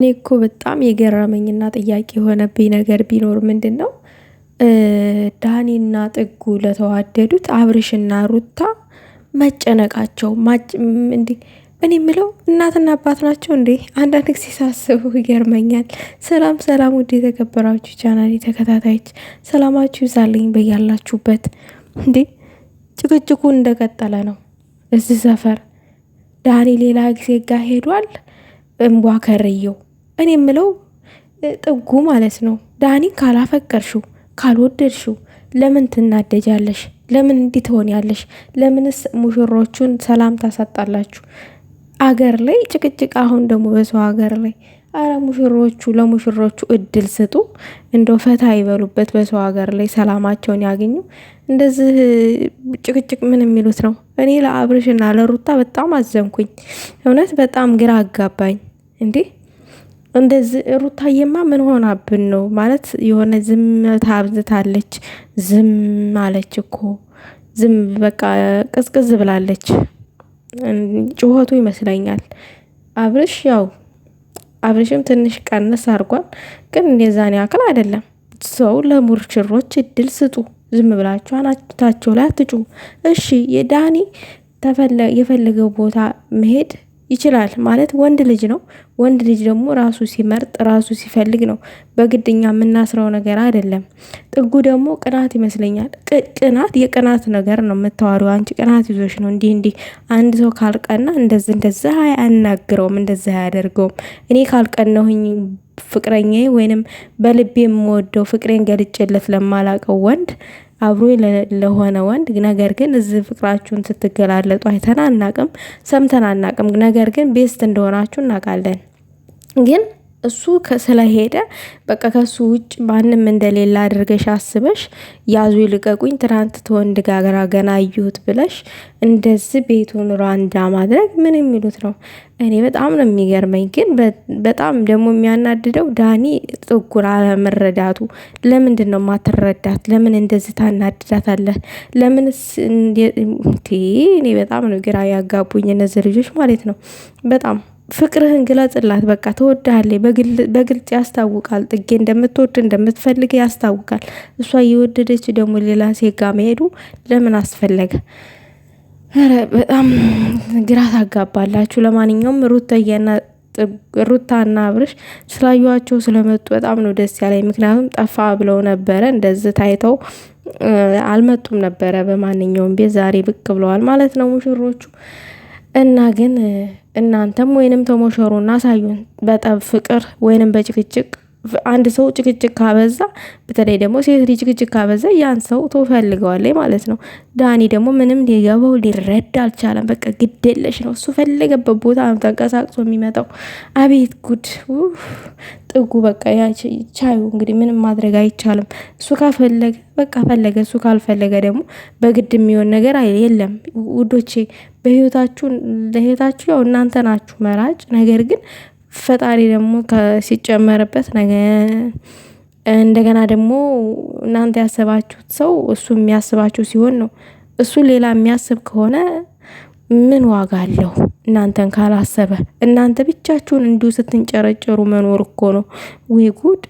እኔ እኮ በጣም የገረመኝና ጥያቄ የሆነብኝ ነገር ቢኖር ምንድን ነው? ዳኒና ጥጉ ለተዋደዱት አብርሽና ሩታ መጨነቃቸው እንዴ? እኔ የምለው እናትና አባት ናቸው እንዴ? አንዳንድ ጊዜ ሳስበው ይገርመኛል። ሰላም ሰላም፣ ውድ የተከበራችሁ ቻናል ተከታታዮች ሰላማችሁ ይብዛልኝ በያላችሁበት። እንዴ ጭቅጭቁ እንደቀጠለ ነው። እዚህ ሰፈር ዳኒ ሌላ ጊዜ ጋር ሄዷል። እምቧ ከርየው እኔ የምለው ጥጉ ማለት ነው ዳኒ ካላፈቀርሽው ካልወደድሽው ለምን ትናደጃለሽ? ለምን እንዲህ ያለሽ ለምንስ ሙሽሮቹን ሰላም ታሳጣላችሁ? አገር ላይ ጭቅጭቅ፣ አሁን ደግሞ በሰው ሀገር ላይ አረ ሙሽሮቹ ለሙሽሮቹ እድል ስጡ፣ እንደ ፈታ ይበሉበት፣ በሰው ሀገር ላይ ሰላማቸውን ያገኙ። እንደዚህ ጭቅጭቅ ምን የሚሉት ነው? እኔ ለአብርሽና ለሩታ በጣም አዘንኩኝ። እውነት በጣም ግራ አጋባኝ እንዴ እንደዚህ ሩታዬማ ምን ሆናብን ነው ማለት የሆነ ዝም ታብዝታለች። ዝም አለች እኮ ዝም በቃ ቅዝቅዝ ብላለች። ጩኸቱ ይመስለኛል። አብርሽ ያው አብርሽም ትንሽ ቀነስ አድርጓል፣ ግን እንደዛን ያክል አይደለም። ሰው ለሙርችሮች እድል ስጡ። ዝም ብላችሁ አናታቸው ላይ አትጩ። እሺ የዳኒ የፈለገው ቦታ መሄድ ይችላል ማለት ወንድ ልጅ ነው። ወንድ ልጅ ደግሞ ራሱ ሲመርጥ ራሱ ሲፈልግ ነው። በግድኛ የምናስረው ነገር አይደለም። ጥጉ ደግሞ ቅናት ይመስለኛል። ቅናት የቅናት ነገር ነው የምታወሪው አንቺ። ቅናት ይዞሽ ነው እንዲህ እንዲህ። አንድ ሰው ካልቀና እንደዚ እንደዛ አያናግረውም፣ እንደዛ አያደርገውም። እኔ ካልቀናሁኝ ፍቅረኛ ወይንም በልቤ የምወደው ፍቅሬን ገልጬለት ለማላቀው ወንድ አብሮ ለሆነ ወንድ ነገር ግን እዚህ ፍቅራችሁን ስትገላለጡ አይተን አናቅም፣ ሰምተን አናቅም። ነገር ግን ቤስት እንደሆናችሁ እናውቃለን ግን እሱ ስለሄደ በቃ ከሱ ውጭ ማንም እንደሌለ አድርገሽ አስበሽ ያዙ ይልቀቁኝ፣ ትናንት ተወንድ ጋገራ ገና አየሁት ብለሽ እንደዚህ ቤቱን ሯንዳ ማድረግ ምን የሚሉት ነው? እኔ በጣም ነው የሚገርመኝ። ግን በጣም ደግሞ የሚያናድደው ዳኒ ጥጉር አለመረዳቱ። ለምንድን ነው ማትረዳት? ለምን እንደዚህ አለ? ለምን እኔ በጣም ነው ግራ ያጋቡኝ እነዚህ ልጆች ማለት ነው በጣም ፍቅርህን ግለጽላት። በቃ ትወድሃለች፣ በግልጽ ያስታውቃል። ጥጌ እንደምትወድ እንደምትፈልግ ያስታውቃል። እሷ እየወደደች ደግሞ ሌላ ሴት መሄዱ ለምን አስፈለገ? ኧረ በጣም ግራ ታጋባላችሁ። ለማንኛውም ሩታዬና ሩታና አብርሽ ስላዩዋቸው ስለመጡ በጣም ነው ደስ ያለኝ። ምክንያቱም ጠፋ ብለው ነበረ እንደዚህ ታይተው አልመጡም ነበረ በማንኛውም ቤት ዛሬ ብቅ ብለዋል ማለት ነው ሙሽሮቹ እና ግን እናንተም ወይንም ተሞሸሩና አሳዩን። በጠብ ፍቅር ወይንም በጭቅጭቅ አንድ ሰው ጭቅጭቅ ካበዛ በተለይ ደግሞ ሴት ልጅ ጭቅጭቅ ካበዛ ያን ሰው ትፈልገዋለች ማለት ነው። ዳኒ ደግሞ ምንም ሊገባው ሊረዳ አልቻለም። በቃ ግዴለሽ ነው እሱ ፈለገበት ቦታ ተንቀሳቅሶ የሚመጣው። አቤት ጉድ ጥጉ በቃ ቻዩ። እንግዲህ ምንም ማድረግ አይቻልም። እሱ ካፈለገ በቃ ፈለገ፣ እሱ ካልፈለገ ደግሞ በግድ የሚሆን ነገር የለም ውዶቼ። በህይወታችሁ ለህይወታችሁ ያው እናንተ ናችሁ መራጭ ነገር ግን ፈጣሪ ደግሞ ሲጨመርበት ነገ እንደገና ደግሞ እናንተ ያሰባችሁት ሰው እሱ የሚያስባችሁ ሲሆን ነው። እሱ ሌላ የሚያስብ ከሆነ ምን ዋጋ አለው? እናንተን ካላሰበ እናንተ ብቻችሁን እንዲሁ ስትንጨረጨሩ መኖር እኮ ነው። ወይ ጉድ!